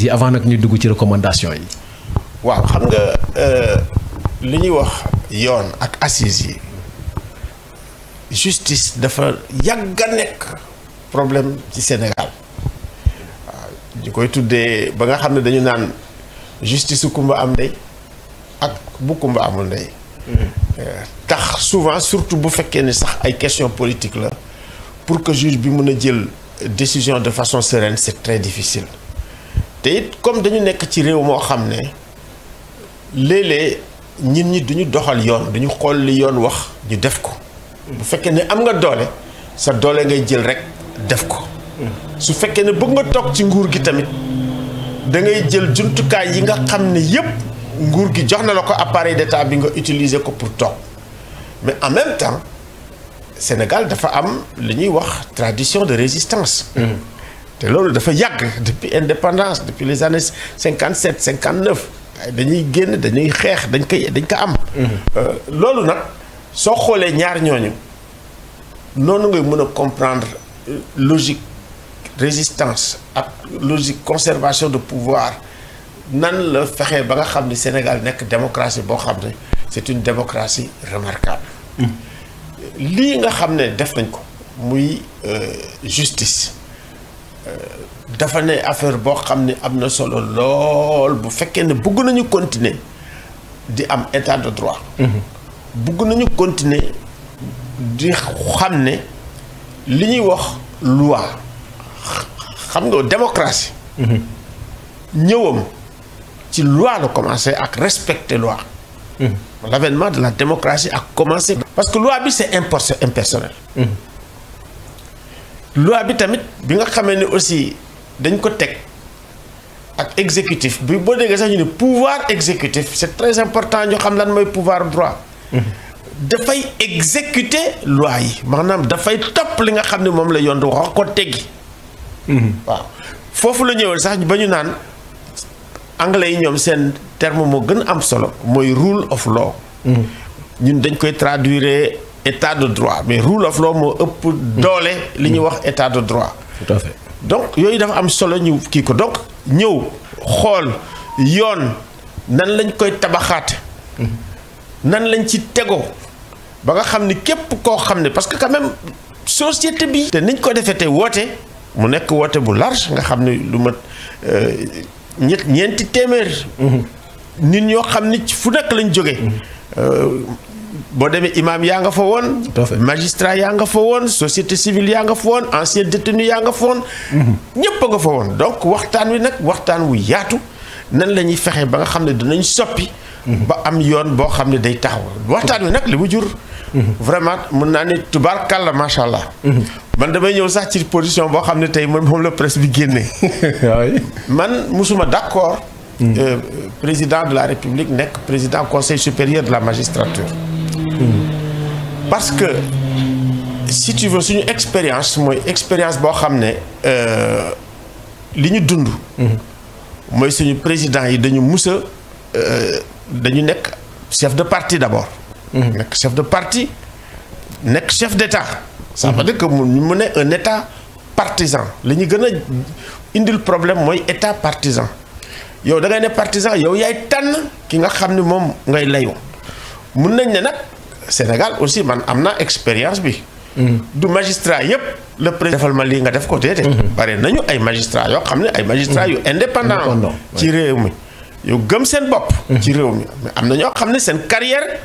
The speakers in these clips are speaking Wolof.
analyse yi avant nag ñu dugg ci recommandation yi. waaw xam nga euh, li ñuy wax yoon ak assises yi justice dafa yàgg a nekk problème ci Sénégal waaw ñu koy tuddee ba nga xam ne dañu naan justice su kumba am ndey ak bu kumba amul ndey. Mm-hmm. Euh, tax souvent surtout bu fekkee ne sax ay question politique la pour que juge bi mun a jël décision de façon sereine c'est très difficile. te it comme dañu nekk ci réew moo xam ne léeg-léeg nit ñi duñu doxal yoon duñu xool li yoon wax ñu def ko bu fekkee ne am nga doole sa doole ngay jël rek def ko su fekkee ne bëgg nga toog ci nguur gi tamit da ngay jël jumtukaay yi nga xam ne yépp nguur gi jox na la ko appareil d'état bi nga utiliser ko pour toog mais en même temps Sénégal dafa am li ñuy wax tradition de résistance mm. te loolu dafa yàgg depuis indépendance depuis les années cinquante sept cinquante neuf dañuy génn dañuy xeex dañ koy dañ ko am. Mhm. Euh, loolu nag soo xoolee ñaar ñooñu noonu ngay mën a comprendre euh, logique résistance ak logique conservation de pouvoir nan la fexee ba nga xam ni Sénégal nekk démocratie boo xam ne c'est une démocratie remarquable. Mhm. lii nga xam ne def nañ ko muy euh, justice. dafa ne affaire boo xam ne am na solo lool bu fekkee ne bugg nañu continuer di am état de droit. Mhm. bëgg nañu continuer di xam ne li ñuy wax loi xam nga démocratie. Mhm. ñëwam ci loi la commencé ak respecter loi. Mhm. l'avènement de la démocratie a commencé. parce que loi bi c'est impersonnel. loi bi tamit bi nga xamee ne aussi dañ ko teg ak exécutif bi boo déggee sax ñu ne pouvoir exécutif c'est très important ñu xam lan mooy pouvoir droit mhm. dafay exécuter loi yi maanaam dafay topp li nga xam ne moom la yoon du wax ko teggi mhm. waaw foofu la ñëwal sax ba ñu naan anglais yi ñoom seen terme moo gën am solo mooy rule of law mhm. ñun dañ koy traduire état de droit mais rule of law moo ëpp doole li ñuy wax état de droit donc yooyu dafa am solo ñu kii ko donc ñëw xool yoon nan lañ koy tabaxaat nan lañ ci tegoo ba nga xam ni képp koo xam ne parce que quand même société bi te niñ ko defee woote mu nekk woote bu large nga xam ne lu mat euh, ñett ñeenti téeméer mm-hmm. nit ñoo xam ni fu nekk lañ jóge mm-hmm. euh, boo demee imaam yaa nga fa woon magistrat yaa nga fa woon société civile yaa nga fa woon ancien détenu yaa nga fa woon mhm. ñépp a nga fa woon donc waxtaan wi nag waxtaan wu yaatu nan la ñuy fexe ba nga xam ne dinañ soppi mhm. ba am yoon boo xam ne day taxaw waxtaan wi nag li mu jur mhm. vraiment mën naa ne tubaarkàlla macha allah. man damay ñëw sax ci position boo xam ne tey man moom la presse bi génnee man musuma d'accord euh, président de la république nekk président conseil supérieur de la magistrature Hmm. parce que si suñu expérience mooy expérience boo xam ne euh, li ñu dund. Hmm. mooy suñu président yi dañu mus a euh, dañu nekk chef de parti d'abord. Hmm. nekk chef de parti nekk chef d'État. ça veut dire que mu mu ne un État partisan li ñu gën a indil problème mooy État partisan yow da ngay ne partisan yow yaay tànn ki nga xam ne moom ngay layoo mun nañ ne nag. Sénégal aussi man am naa expérience bi. Mm. du magistrat yëpp le président defal ma lii nga def ko déedéet. Mm-hmm. bare nañu ay magistrat yoo xam ne ay magistrat yu mm-hmm. indépendant ci réew mi yu gëm seen bopp mm-hmm. ci réew mi am na ñoo xam ne seen carrière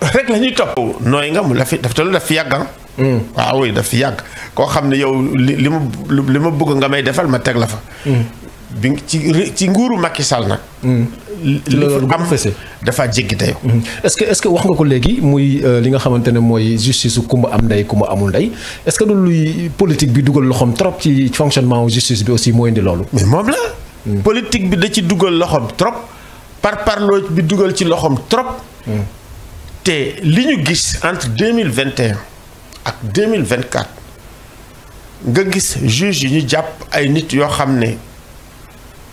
rek la ñuy topp nooy nga mu la fi daf telu daf fi yàggan ah. waaw mm. ah oui daf fi yàgg koo xam ne yow li li ma li ma bëgg nga may defal ma teg la fa mm. bi ci ci nguuru Macky Sall nag li am dafa jéggi tey mm-hmm. est-ce que est-ce que wax nga ko léegi muy euh, li nga xamante ne mooy justice su kumba am ndey kumba amul ndey est-ce que du luy politique bi dugal loxoom trop ci fonctionnement justice bi aussi moo indi loolu. mais moom la. Mm-hmm. politique bi da ci dugal loxoom trop par parloo bi dugal ci loxoom trop. Mm-hmm. te li ñu gis entre deux mille vingt et ak deux mille vingt quatre nga gis juge yu ñu jàpp ay nit yoo xam ne.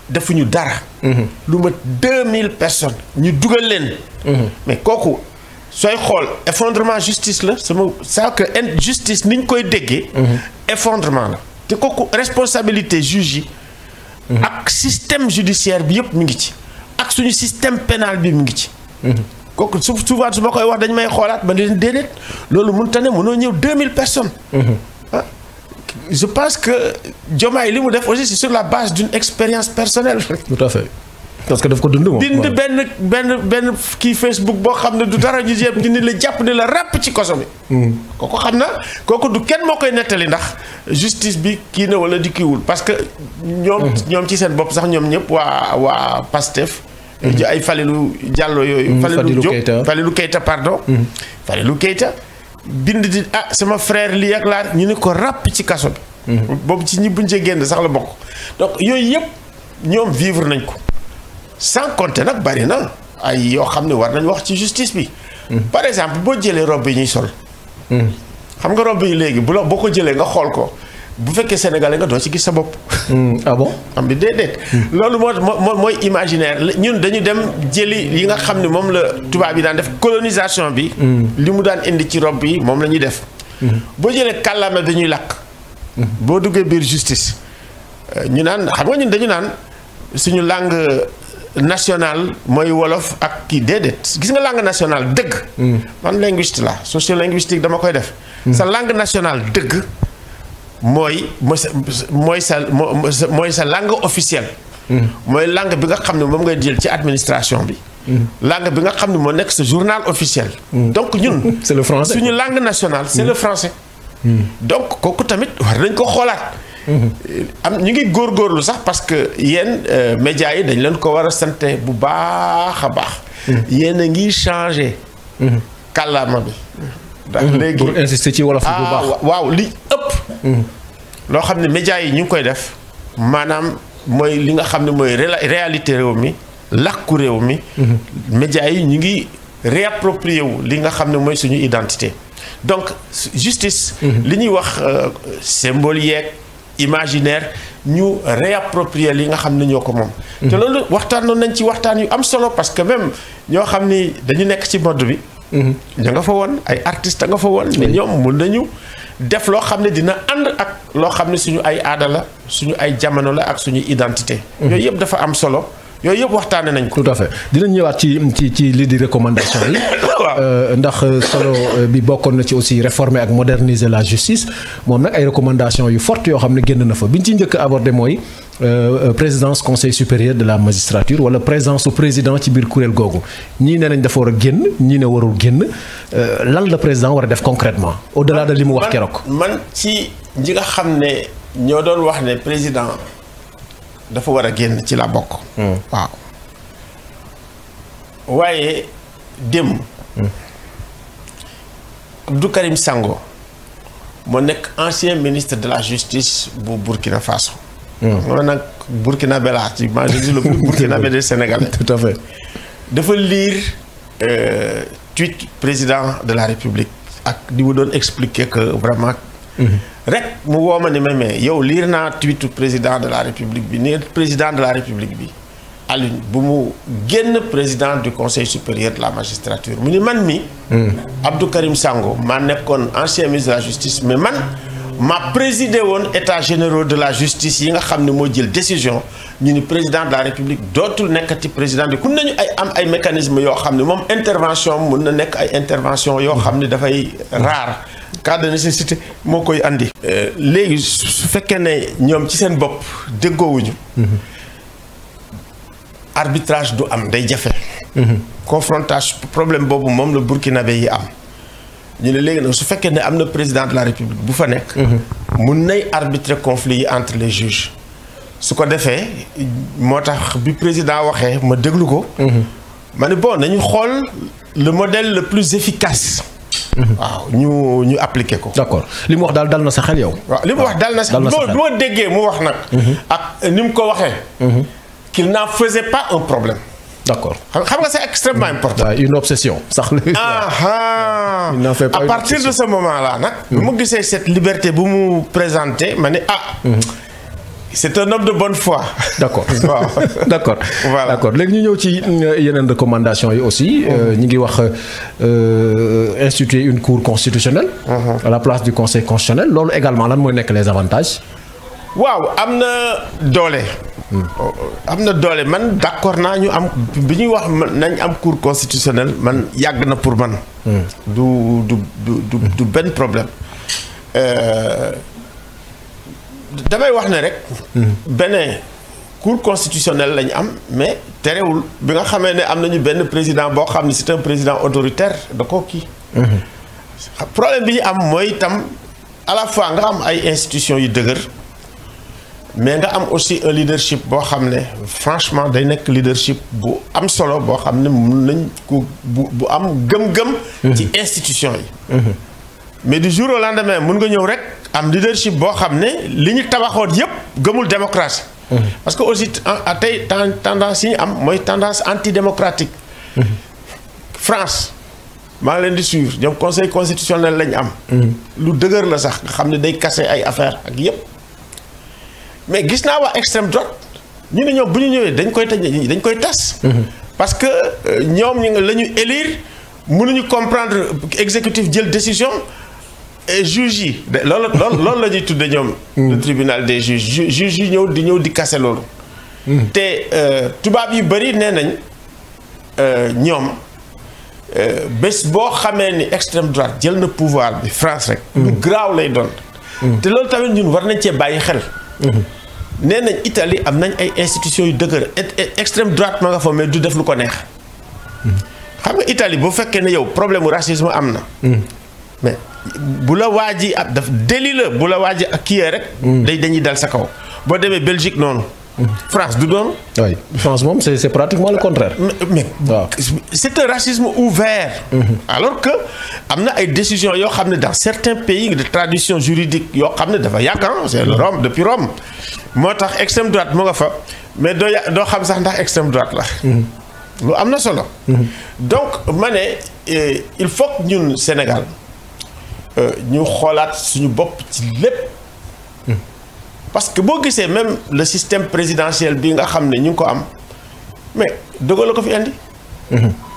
defuñu dara. Mhm. lu ma deux mille personnes ñu dugal leen. Mhm. mais kooku sooy xool effondrement justice la sama saa que injustice ni ñu koy déggee. Mhm. effondrement la te kooku responsabilité juge yi. ak système judiciaire bi yëpp mi ngi ci. ak suñu système pénal bi mu ngi ci. kooku souvent su ma koy wax dañu may xoolaat ba leen déedéet loolu mënta ne mënoo ñëw deux mille personnes. je pense que Diomaye li mu def aussi c'est sur la base d'une expérience personnelle. tout à fait que daf ko dund moom. dind benn benn benn kii Facebook boo xam ne du dara ñu jéem ni la jàpp ne la ràpp ci koso bi. Hmm. kooku xam na kooku du kenn moo koy nettali ndax justice bi kii na wala di kiiwul parce que. ñoom hmm. ñoom ci seen bopp sax ñoom ñëpp waa waa Pastef. Hmm. ay Falilou jàlloo yooyu. Falilou Diop lu Keita pardon. lu Keita. bind di ah sama frair lii ak laa ñu ne ko ràpp ci kaso bi. Mhm. boobu ci ñi buñ cee génn sax la bokk. donc yooyu yëpp ñoom vivre nañ ko sans compter nag bari na ay yoo xam ne war nañ wax ci justice bi. Mhm. par exemple boo jëlee robe yi ñuy sol. Mhm. xam nga robe yi léegi bu la boo ko jëlee nga xool ko bu fekkee sénégal sénégalais nga doo ci gis sa bopp. Hmm. ah bon am bi hmm. loolu moo mooy imaginaire ñun dañu dem jëli li nga xam ne moom la tubaab yi daan def colonisation bi. Hmm. li mu daan indi ci rob bi moom la ñuy def. boo jëlee kàllaama bi ñuy làkk. boo duggee biir justice. Euh, ñu naan xam nga ñun dañu naan suñu langue euh, national mooy wolof ak kii déedéet gis nga làng national dëgg. man linguiste la sociolinguistique dama koy def. sa làng national dëgg. mooy mooy sa mooy sa langue officielle. Hmm. mooy langue bi nga xam ne moom ngay jël ci administration bi. Hmm. langue bi nga xam ne moo nekk sa journal officiel. Hmm. donc ñun. c'est le français suñu langue nationale c'est le français. donc kooku tamit war nañ ko xoolaat. am ñu ngi góorgóorlu sax parce que yéen euh, médias yi dañ leen ko war a sant bu baax a baax. yéen a ngi changé. kàllaama bi. ndax léegi pour loo xam ne médias yi ñu ngi koy def maanaam mooy li nga xam ne mooy réalité réew mi làkku réew mi médias yi ñu ngi réapproprié wu li nga xam ne mooy suñu identité donc justice li ñuy wax euh, symbole yeeg imaginaire ñu réapproprier li nga xam ne ñoo ko moom te loolu waxtaanoon nañ ci waxtaan yu am solo parce que même ñoo xam ni dañu nekk ci mode bi mm-hmm. ña nga fa woon ay artistes nga fa woon ne ñoom mun nañu def loo xam ne dina ànd ak loo xam ne suñu ay aada la suñu ay jamono la ak suñu identité. Mhm. yooyu yëpp dafa am solo. yooyu yëpp waxtaane nañ ko. tout à fait ñëwaat ci ci ci lii di recommandation yi. Euh, ndax solo euh, bi bokkoon na ci aussi réformer ak moderniser la justice moom nag ay recommandation yu forte yoo xam ne génn na fa bi ñu ci njëkk a mooy. Euh, euh, présidence conseil supérieur de la magistrature wala présence su président ci biir kuréel googu ñii ne nañ dafa war a génn ñii ne warul génn euh, lan la président war a def concrètement au delà de li mu wax keroog. man ci ñi nga xam ne ñoo doon wax ne président dafa war a génn ci la bokk. Hmm. waaw waaye démb. Hmm. Abdou Sango moo nekk ancien ministre de la justice bu Burkina Faso. Mm. loolu nag burkinabé laa ci moi je dis le burkinabé des Sénégalais. tout à fait dafa lire euh, tweet président de la République ak di mu doon expliquer que vraiment. Mm-hmm. rek mu woo ma ni ma mais yow lire naa tweetu président de la République bi ni président de la République bi Alioune bu mu génn président du conseil supérieur de la magistrature mu ni man mi mm. Abdou Karim Sango maa nekkoon ancien ministre de la justice mais man. ma présider woon état généraux de la justice yi nga xam ne moo jël décision ñu ni président de la république dootul nekkati président bi kun nañu ay am ay mécanisme yoo xam ne moom intervention mun na nekk ay intervention yoo xam ne dafay rare cas de moo koy andi. Euh, léegi su fekkee ne ñoom ci seen bopp déggoowuñu arbitrage du am day jafe mm-hmm. confrontation problème boobu moom la burkinabé yi am ñu ne léegi nag su fekkee ne am na président de la république bu fa nekk. mun nay arbitrer conflit yi entre les juges. su ko defee moo tax bi président waxee ma déglu ko. ma ne bon nañu xool le modèle le plus efficace. waaw ñu ñu appliqué ko. d'accord li mu wax daal dal na sa xel yow. waaw li mu wax dal na sa xel bi ma déggee mu wax nag. Mhm. ak ni mu ko waxee. kii mhm. na faisait pas un problème. d' accord xam nga c' est extrêmement important. waaw une obsession sax. ah, ah. à partir de sa moment là nag. Mm-hmm. bu mu gisee cette liberté bu mu présenté ma ni ah. Mm-hmm. c'est un homme de bonne foi. d'accord waaw d'accord léegi ñu ñëw ci euh, yeneen recommandations yi aussi mm-hmm. euh, ñu ngi wax euh, instituer une cour constitutionnelle. à la place du conseil constitutionnel loolu également lan mooy nekk les avantages. waaw am na doole. am na doole man d'accord naa ñu am bi ñuy wax nañ am cour constitutionnel man yàgg na pour man. du du du du benn problème. Euh, damay wax ne rek. beneen cour constitutionnelle lañ am mais terewul bi nga xamee ne am nañu benn président boo xam ne c'est un président autoritaire da koo kii. Mhm. problème bi ñu am mooy itam à fois nga am ay institutions yu dëgër. mais nga am aussi un leadership boo xam ne franchement day nekk leadership bu am solo boo xam ne mun nañ ko bu bu am gëm-gëm. Mhm. ci institution yi. Mhm. mais du jour au lendemain mun nga ñëw rek am leadership boo xam ne li ñu tabaxoot yëpp gëmul démocratie. Mhm. parce que aussi tey tendance yi ñu am mooy tendance antidémocratique. France maa ngi leen di suivre ñoom conseil constitutionnel lañ am. lu dëgër la sax nga xam ne day kase ay affaire ak yépp. mais gis naa waa extrême droite ñu ne ñoom bu ñu ñëwee dañ koy taj dañ koy tas. Mhm. parce que euh, ñoom ñu la ñu élire mënuñu comprendre exécutif jël décision et juge yi lool loolu loolu la ñuy tudde ñoom. Mhm. tribunal des juges juge yi ñëw di ñëw di kase loolu. Mhm. te euh, tubaab yi bëri nee nañ euh, ñoom. bés boo xamee ni extrême droite jël na pouvoir bi France rek. graaw lay doon. te loolu tamit ñun war nañ cee bàyyi xel. nee nañ Italie am nañ ay institutions yu dëgër extrême droite ma nga fa mais du def lu ko neex. xam nga Italie bu fekkee ne yow problème mu racisme am na. Mm. bu la waaj ab daf déli la bu la waaj ak kii rek. Mm. dañuy dal sa kaw boo demee Belgique noonu. France du doon. oui France moom c'est c'est pratiquement le contraire. mais c'est un racisme ouvert. Mm-hmm. alors que am na ay décisions yoo xam ne dans certains pays de tradition juridique yoo xam ne dafa yàgg c'est le Rome depuis Rome moo tax extrême droite mu nga fa mais doo ya doo xam sax ndax extrême droite la. Mm-hmm. lu am na solo. Mm-hmm. donc ma ne euh, il faut que ñun Sénégal euh, ñu xoolaat suñu bopp ci lépp. parce que boo gisee même le système présidentiel bi nga xam ne ñu ngi ko am mais dëgg la ko fi indi. Mhm.